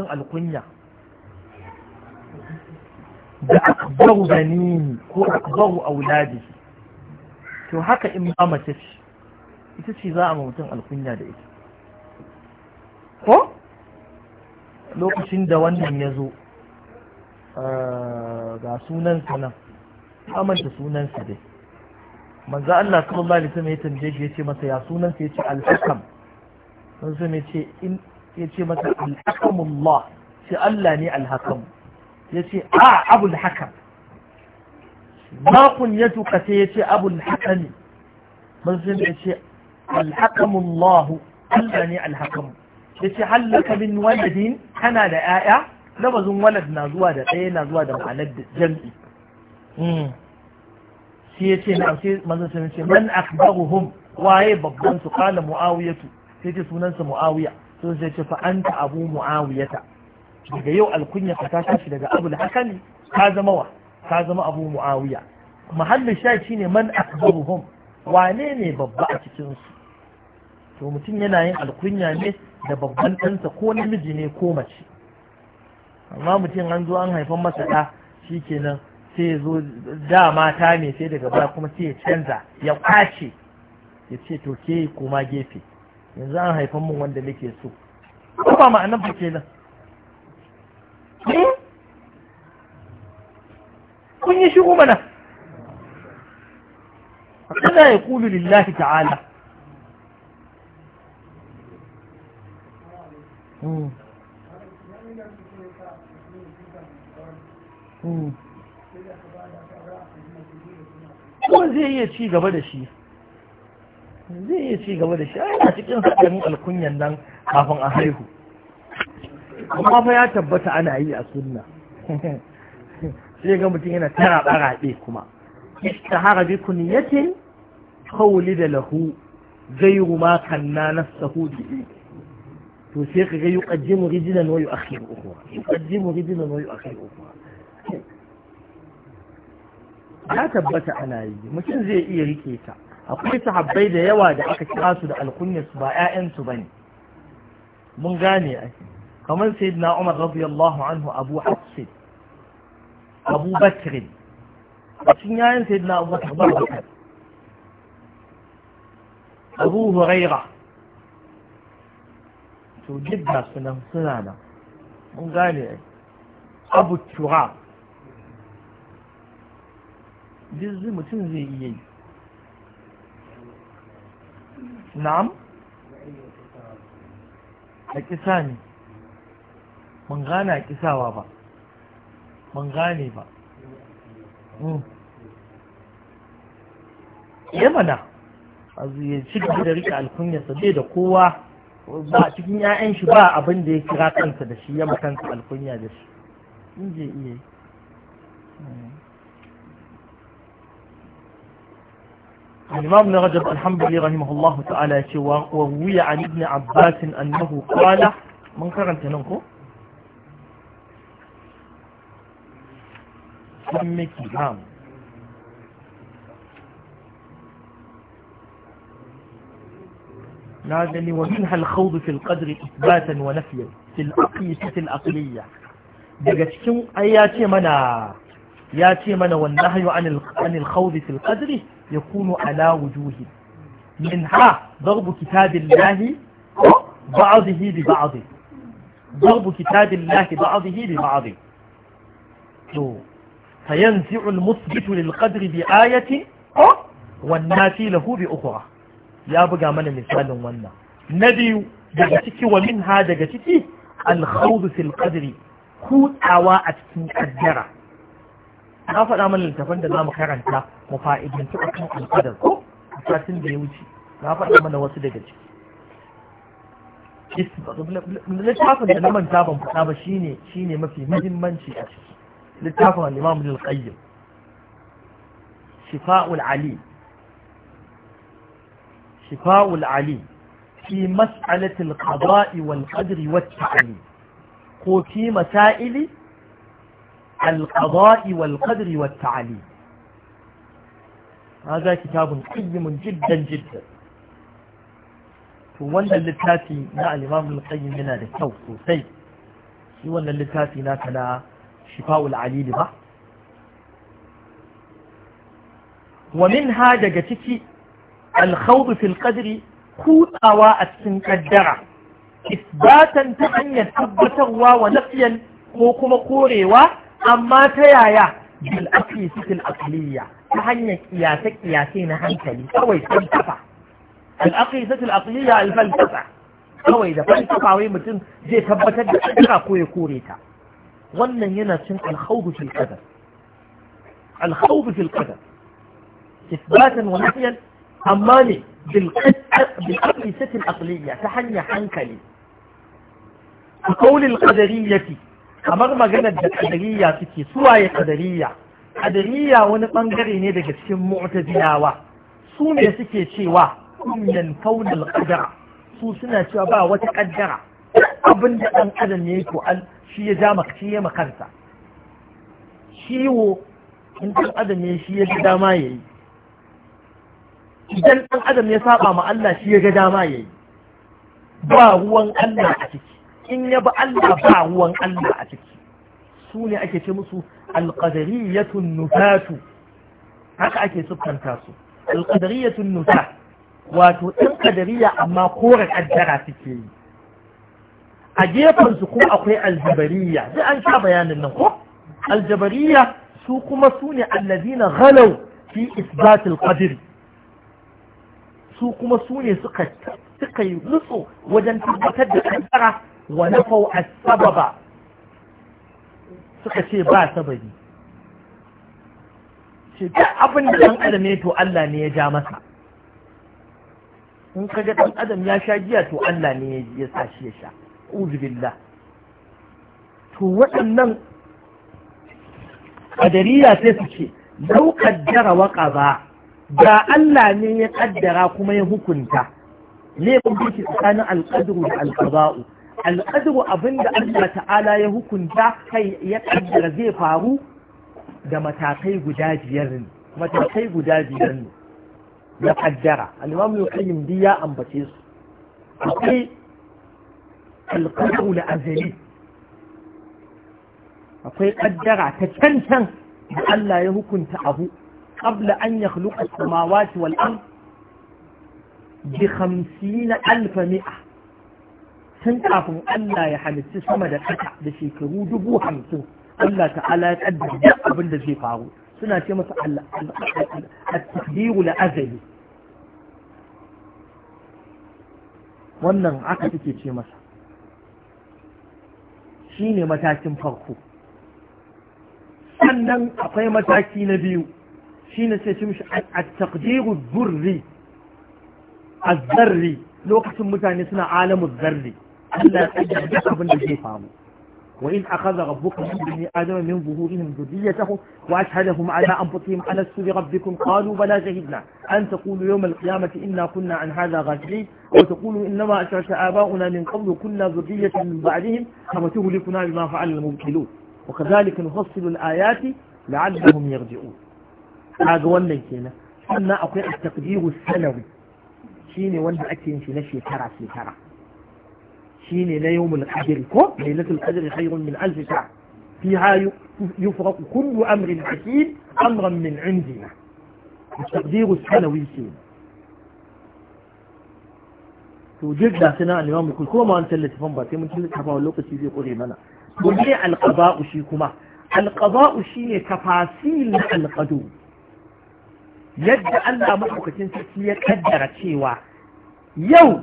cikin alkunya da akbaru banini ko akbaru auladi to haka in ba mace ce ita ce za a ma mutum alkunya da ita ko lokacin da wannan ya zo ah, ga sunansa nan amanta sunansa dai manzo Allah sallallahu alaihi wasallam ya tambaye shi ya ce masa ya sunansa ce al-hakam sun sun ce in ya ce masa alhakamullah sai Allah ne alhakam ya ce a abul hakam kun ya tuka sai ya ce abul hakami manzan ya ce alhakamullahu Allah ne alhakam ya ce hallaka min waladin kana da 'ya'ya lafazin walad na zuwa da ɗaya na zuwa da ma'anar jam'i sai ya ce na sai manzan sun ce man akbaruhum waye babban su kala mu'awiyatu sai ce sunansa mu'awiya sun zai ce fa’anta abu muawiyata daga yau alkunya ka tashi daga abu Da haka ne? ka zama wa ka zama abu muawiya mahallin sha shi ne man akbaruhum wane ne babba a cikinsu? to mutum yana yin alkunya ne da babban ɗansa ko namiji ne ko mace amma mutum an zo an haifan masa ɗa shi kenan sai ya zo da mata ne sai daga baya kuma sai ya canza ya kwace ya ce to ke koma gefe yanzu an haifan mun wanda nake so ko ba ma'anar ba kenan hmm? kun yi shigo mana kada ya kulu lillahi ta'ala hmm. hmm. Kuma zai iya ci gaba da shi. zai iya ci gaba da shi a cikin haɗarin alkunyan nan kafin a haihu amma fa ya tabbata ana yi a sunna sai ga mutum yana tara baraɗe kuma hara bi kuniyatin kawuli da lahu gairu ma kanna nafsahu bi to sai ka ga yuqaddimu rijlan wa yu'akhiru ukhra yuqaddimu rijlan wa yu'akhiru ukhra ya tabbata ana yi mutum zai iya rike ta akwai sahabbai da yawa da aka kira su da alkunya su ba 'ya'yansu ba ne mun gane ai kamar sai na Umar radiyallahu anhu Abu Hafs Abu Bakr cikin yayin sai na Abu Bakr Abu Huraira to jidda sunan suna nan mun gane ai Abu Turab duk mutum zai iya yi na'am a kisa ne ban gane a kisawa ba ban gane ba hmm. yamana a ci gaba da rika alkunyarsa bai da kowa ba cikin 'ya'yan shi ba abin da ya kira kansa da shi ya makansa alkunya da shi in je iya hmm. الإمام ابن رجب الحنبلي رحمه الله تعالى وروي عن ابن عباس أنه قال من قرنت ننكو سمك نعم نادني ومنها الخوض في القدر إثباتا ونفيا في الأقيسة الأقلية دقتكم أياتي منا ya ce mana wanda hayo anil khawdi fil qadri yakunu ala wujuhi min ha darbu kitabillahi ba'dhihi bi ba'd darbu kitabillahi ba'dhihi bi ba'd to fayanzi'u al-musbitu lil qadri bi ayati wan nafi lahu bi ukhra ya buga mana misalin wannan na biyu daga ciki wa min ha daga ciki al-khawdi fil qadri kutawa a cikin kaddara na faɗa mana littafin da za mu karanta mu fa'idin su akan alƙadar ko a satin da ya wuce na faɗa mana wasu daga ciki littafin da na manta ban faɗa ba shine shine mafi muhimmanci a ciki littafin al-Imam Ibn Qayyim Shifa'ul Ali Shifa'ul Ali في مسألة القضاء والقدر والتعليم قو في مسائل القضاء والقدر والتعليم هذا كتاب قيم جدا جدا وانا اللتاتي نا الإمام القيم هنا للتوف سي وانا اللتاتي نا كلا شفاء العليل بحث ومنها دقتك الخوض في القدر كوتاوا أتسن قدرة إثباتا تحن يتبتوا ونفيا وكما قوريوا amma ta yaya bil akli fil ta hanyar kiyase kiyase na hankali kawai falsafa al akli fil aqliya al falsafa kawai da falsafa wai mutum zai tabbatar da shirka ko ya kore ta wannan yana cin al khawf fil qadar al khawf fil qadar ithbatan wa nafyan amma ne bil akli fil ta hanyar hankali a qawli al qadariyati kamar maganar da kadariya suke suwaye kadariya kadariya wani bangare ne daga cikin mu'tazilawa su ne suke cewa kunyan kaunal qadara su suna cewa ba wata kaddara abin da dan adam ne ko al shi ya ja shi ya makansa ciwo in dan adam ne shi ya ga dama yayi idan dan adam ya saba ma Allah shi ya ga dama yayi ba ruwan Allah a ciki in ya ba Allah ba ruwan Allah a ciki su ne ake ce musu alƙadariyatun nufatu haka ake siffanta su alƙadariyatun nufa wato ɗan ƙadariya amma kore ƙaddara suke yi a su kuma akwai aljabariya zai an sha bayanin nan ko aljabariya su kuma su ne allazina ghalau fi isbatil qadri su kuma su ne suka suka yi nutso wajen tabbatar da kankara wa nafau as-sababa suka ce ba sababi ce duk abin da ɗan adam ne to Allah ne ya ja masa in ka ga ɗan adam ya sha giya to Allah ne ya sa shi ya sha uzubillah to waɗannan ƙadariya sai su ce lau ƙaddara waƙa ba da Allah ne ya ƙaddara kuma ya hukunta ne kuma bambanci tsakanin alƙaduru da alƙaba'u alƙadru abinda Allah ta'ala ya hukunta kai ya ƙaddara zai faru da matakai guda biyar ne matakai guda biyar ne Ya ƙaddara al-imam al-qayyim ya ambace su akwai alƙadru na azali akwai ƙaddara ta cancan da Allah ya hukunta abu qabla an yakhluqa as-samawati wal ard bi 50 alf mi'ah tun kafin Allah ya halitta sama da ƙasa da shekaru dubu hamsin Allah ta'ala ya kaddara duk abin da zai faru suna ce masa at-taqdiru azali wannan aka take ce masa shine matakin farko sannan akwai mataki na biyu shine sai ce mishi at-taqdiru durri az-zarri lokacin mutane suna alamu zarri ألا تجعل دك أبن وإن أخذ ربك من بني آدم من ظهورهم ذريته وأشهدهم على أنفسهم ألست بربكم قالوا بلى شهدنا أن تقولوا يوم القيامة إنا كنا عن هذا غافلين أو تقولوا إنما أشرك آباؤنا من قبل كنا ذرية من بعدهم أما تهلكنا بما فعل الموكلون وكذلك نفصل الآيات لعلهم يرجعون هذا wannan kenan sannan akwai at-taqdir as-sanawi shine wanda في yin shi na شين يوم الحجر كو ليلة الحجر خير من ألف ساعة فيها يفرق كل أمر حسين أمرا من عندنا التقدير السنوي سين توجد لا سنة الإمام يقول كما ما أنت اللي تفهم من كل كفا واللوقة سيدي قولي قل لي القضاء شيكما القضاء شيني تفاصيل القدوم يد أن لا محوكة سيدي قدرت شيوا يوم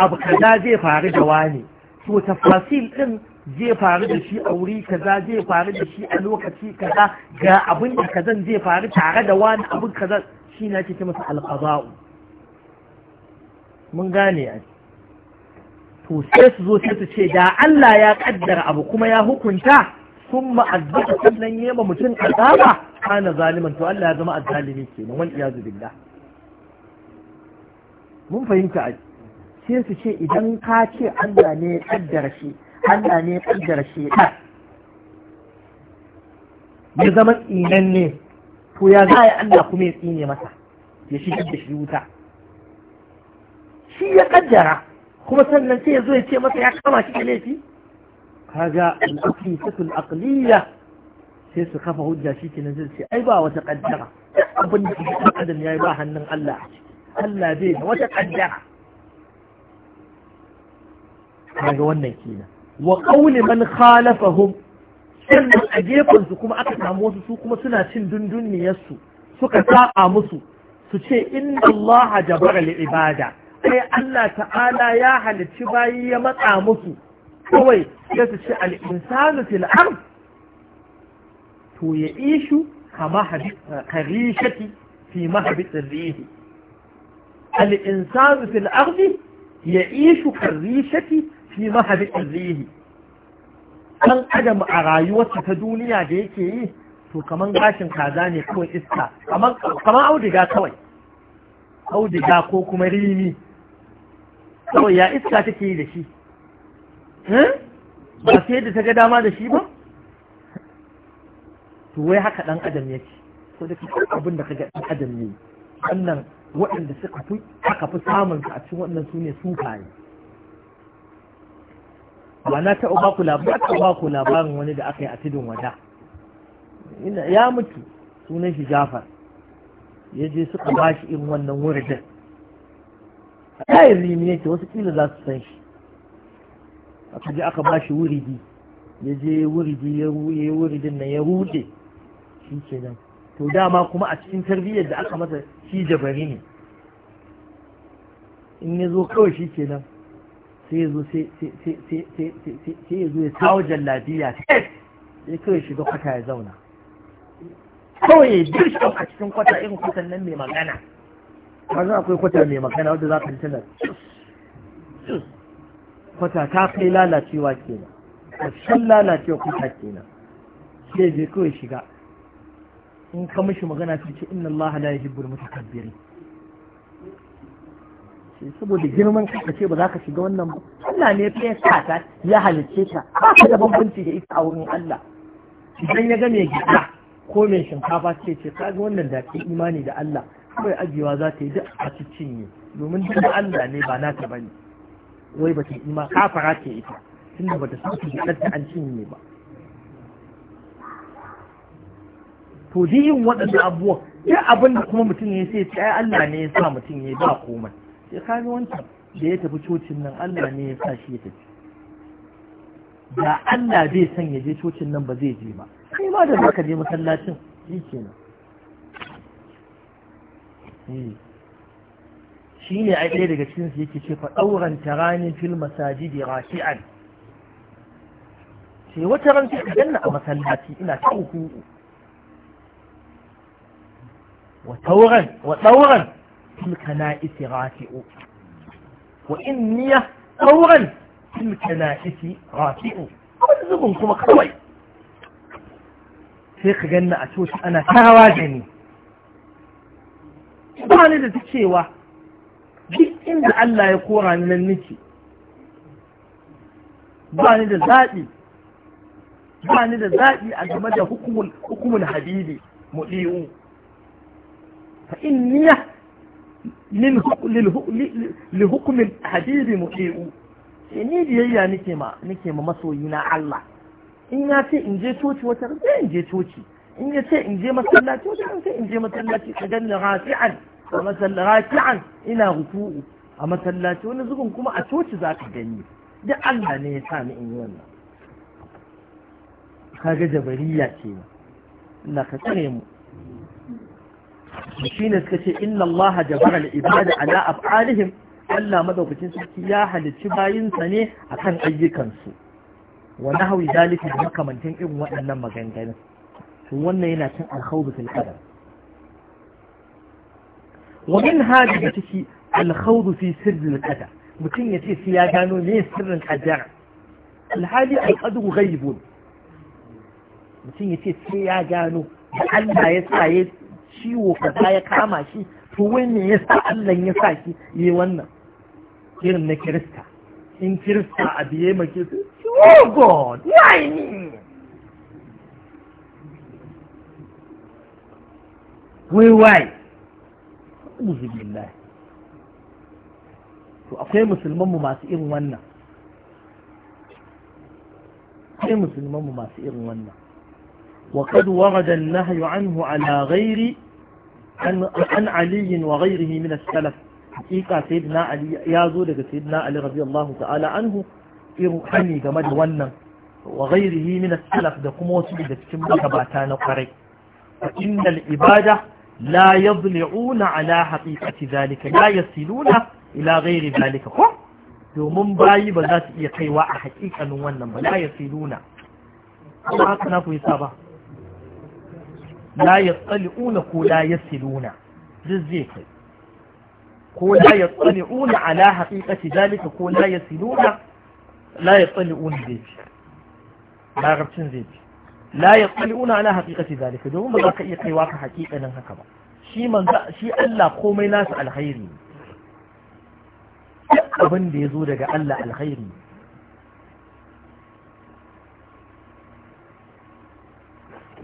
abu kaza zai faru da wani to tafasil din zai faru da shi a wuri kaza zai faru da shi a lokaci kaza ga abin da kazan zai faru tare da wani abin kaza shi na ce masa alqaza'u mun gane a to sai su zo sai su ce da Allah ya kaddara abu kuma ya hukunta sun ma'azzaba sannan yi ma mutum azaba kana zaliman to Allah ya zama azzalimi kenan wani iyazu billah mun fahimta a sai su ce idan ka ce Allah ne ya kaddara shi Allah ne ya kaddara shi ya zama tsinan ne to ya za a Allah kuma ya tsine masa ya shigar da shi wuta shi ya kaddara kuma sannan sai ya zo ya ce masa ya kama shi da laifi kaga al'aqli tatul aqliya sai su kafa hujja shi kenan zai ce ai ba wata kaddara abin da ya yi ba hannun Allah Allah zai da wata kaddara kaga wannan kenan wa qawli man khalafahum a gefen su kuma aka samu wasu su kuma suna cin dunduniyar su suka saba musu su ce inna Allah jabara li ibada sai Allah ta'ala ya halicci bayi ya matsa musu kawai sai su ce al insanu fil ard to ya ishu kama karishati fi mahabit rihi al insanu fil ard ya ishu karishati fi mahadin zihi kan adam a rayuwarsa ta duniya da yake yi to kaman gashin kaza ne kawai iska kaman audiga kawai audiga ko kuma rimi kawai ya iska take yi da shi hmm? ba sai da ta ga dama da shi ba to wai haka dan adam yake ko da abin da kaga dan adam ne wannan waɗanda suka fi haka fi samun a cikin waɗannan su ne sun kayi ba na taɓa ba ku labarin wani da aka yi a tudun wada ya mutu sunan shi jafar ya je suka ba shi irin wannan wuridin a ɗayin rimi yake wasu kila za su san shi aka je aka ba shi wuridi ya je wuridi ya ruye wuridin nan ya rude shi ke nan to dama kuma a cikin tarbiyyar da aka masa shi jabari ne in ya zo kawai shi ke nan sai ya zo ya sawo jallabiya sai kawai shiga kwata ya zauna kawai ya ji shi a cikin kwata irin kwatan nan mai magana kaza akwai kwata mai magana wadda za ka tana kwata ta kai lalacewa kenan ƙarshen lalacewa kwata kenan sai zai kawai shiga in ka mishi magana sai ce inna Allah la yuhibbul mutakabbirin ce saboda girman ka ce ba za ka shiga wannan ba Allah ne ya sa ta ya halicce ta ba ka da bambanci da ita a wurin Allah idan ya game gida ko mai shinkafa ce ce ka ga wannan da ke imani da Allah kawai ajiyewa za ta yi duk a cikin ne domin duk Allah ne ba ba ne wai ba ta ima kafara ce ita tunda ba ta sauki da an cinye ba to yin waɗannan abubuwan duk abin da kuma mutum ya sai yi, Allah ne ya sa mutum ya ba komai ya kaga wancan da ya tafi cocin nan Allah ne ya sa shi ya tafi da Allah bai san ya je cocin nan ba zai je ba kai ma da zaka je masallacin shi kenan eh. shi ne a ɗaya daga cikin su yake ce fa ɗauran tarani fil masajidi raki'an sai wata ran ka danna a masallaci ina ta uku wa tauran wa ɗauran تلك نائس غاتئ وإني طورا تلك نائس غاتئ وزبن كما قوي شيخ جنة أتوش أنا تهواجني سبحان إذا تكشيوة جيك إن دعلا يقور من نتي سبحان إذا ذاتي سبحان أجمد حكم, حكم الحبيبي مؤيئون فإن lihukumin habibi mu'i'u sai eh, ni biyayya nake ma nake ma masoyi na Allah in ya ce in je coci wata sai in je coci in ya ce in je masallaci wata sai in je masallaci ka ganni rafi'an a masallaci an ina ruku'u a masallaci wani zubin kuma a coci za ka gani duk Allah ne ya sa ni in yi wannan kaga jabariya ce Allah ka tsare mu shine suka ce inna Allah jabara al-ibada ala af'alihim Allah madaukakin sarki ya halicci bayinsa ne akan ayyukansu wa nahwi zalika da makamantan irin waɗannan maganganun to wannan yana cin alkhawdu fil qadar wa min hadi da ciki alkhawdu fi sirri al-qadar mutum ya ce sai ya gano me sirrin qaddara alhali al-qadru ghaibun mutum ya ce sai ya gano da Allah ya sa ya ciwo kaza ya kama shi to wai ya sa Allah ya sa shi yi wannan irin na kirista in kirista a biye maki su oh god why me wai why uzu billahi to akwai musulmanmu masu irin wannan akwai musulmanmu masu irin wannan وقد ورد النهي عنه على غير عن علي وغيره من السلف حقيقة سيدنا علي يازو لك سيدنا علي رضي الله تعالى عنه إرحمي جمد ونن وغيره من السلف دقم وسيدة كم كباتان قري فإن العبادة لا يضلعون على حقيقة ذلك لا يصلون إلى غير ذلك قم domin bayi ba za su iya kaiwa a haƙiƙanin wannan ba la ya filuna ba haka na ku yi sa ba la yatsali'una ko la yasiluna duk ko la yatsali'una ala haqiqati dalika ko la yasiluna la yatsali'una zai ci zai ci la yatsali'una ala haqiqati dalika domin ba za ka iya kaiwa ka haƙiƙanin haka ba shi manza shi Allah komai nasu alkhairi abin da ya zo daga Allah alkhairi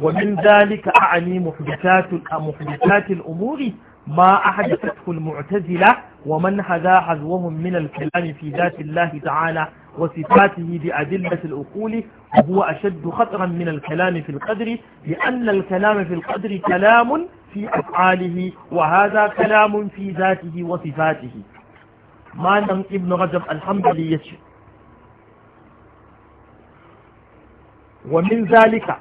ومن ذلك أعني محدثات محدثات الأمور ما أحدثته المعتزلة ومن هذا حذوهم من الكلام في ذات الله تعالى وصفاته بأدلة الأقول وهو أشد خطرا من الكلام في القدر لأن الكلام في القدر كلام في أفعاله وهذا كلام في ذاته وصفاته ما نم ابن رجب الحمد لله ومن ذلك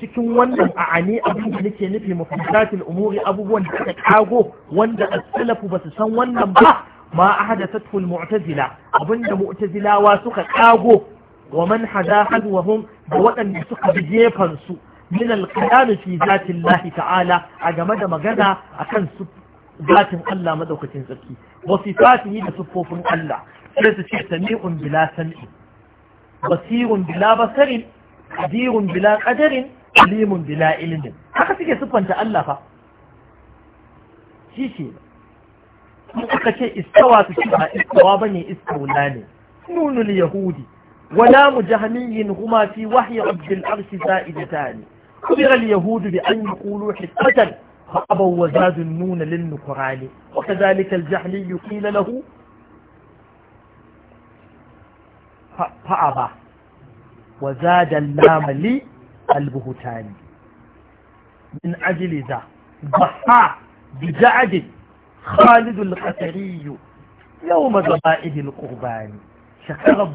cikin wannan a'ani abin da nake nufi mufassatil umuri abubuwan da aka kago wanda as-salafu basu san wannan ba ma ahdathathu al-mu'tazila abinda mu'tazilawa suka kago wa man hada hadwahum da waɗanda suka bi jefan su min al-kalam fi ta'ala a game da magana akan su zatin Allah madaukakin sarki wa sifatihi da siffofin Allah sai su ce sami'un bila sam'i basirun bila basarin qadirun bila qadarin limun bila ilmin haka suke siffanta Allah fa shi mu aka ce istawa su ci ba istawa ba ne istawa ne nunul yahudi wala mujahmiyin huma fi wahyi rabbil arsh za'idatan kubir al yahudu bi an yaqulu hikmatan fa abaw wa zadu nun lin qur'an wa kadhalika al jahmiy qila lahu fa aba wa za da lamali albuhutani min ajili za ba ha bi ja adi khalidul khasariyu yau mazaba idil kurbani shakarar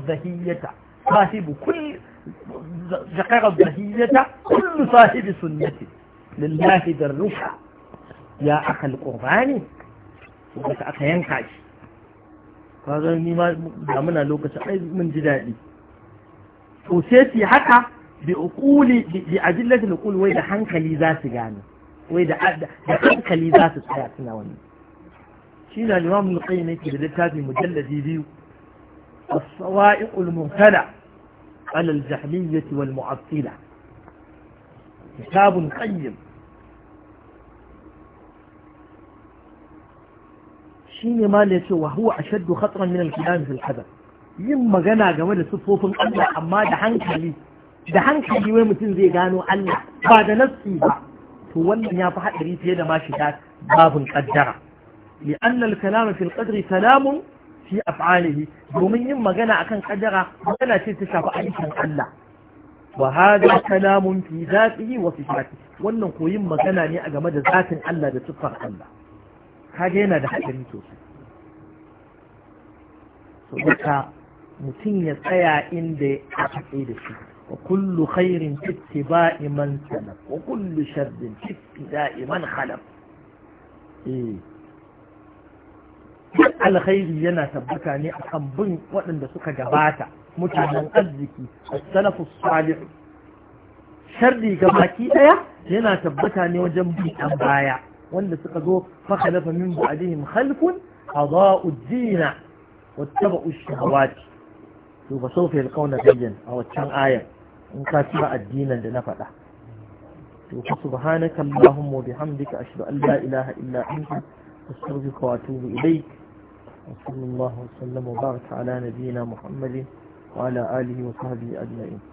zahiyyata kullu sahibi sunnati lillahi da ya aka alkurbani wanda aka yanka shi ka zai nima damuna lokacin ai mun ji daɗi to sai su haka bi uquli bi ajillati uqul wai da hankali za su gane wai da da hankali za su tsaya suna wani shi na Imam al ne ke da tafi mujalladi biyu as-sawa'iqul ala al-jahmiyyah الصوائق المهتلة على الجهمية والمعطلة كتاب قيم شيني ما ليس وهو أشد خطرا من الكلام في الحدث yin magana game da siffofin Allah amma da hankali da hankali wai mutum zai gano Allah ba da nassi ba to wannan ya fi haɗari fiye da ma shiga babin ƙaddara li'anna al-kalamu kanamun? qadri kalamun fi af'alihi domin yin magana akan ƙaddara magana ce ta shafi aikin Allah wa hada kalamun fi zatihi wa sifati wannan koyin magana ne a game da zatin Allah da siffar Allah kaga yana da haɗari sosai saboda mutum ya tsaya inda aka tsaye da shi wa kullu khairin fitti ba'i man salaf wa kullu sharrin fitti da'i man khalaf eh alkhairi yana tabbata ne a kan bin waɗanda suka gabata mutanen arziki a salafu salih sharri gabaki ɗaya yana tabbata ne wajen bin ɗan baya wanda suka zo fa khalafa min ba'dihim khalfun a ad-din wattabu ash-shahawati to ba sau fiye a waccan ayar in ka ci ba addinin da na faɗa to ku su bahane kallahun mu bi hamdi ka ashiru allah ilaha illa an ku ku sarfi kawo ilai wa sallallahu ba ta ala nabi na muhammadin wa ala alihi wa sahabi ajma'in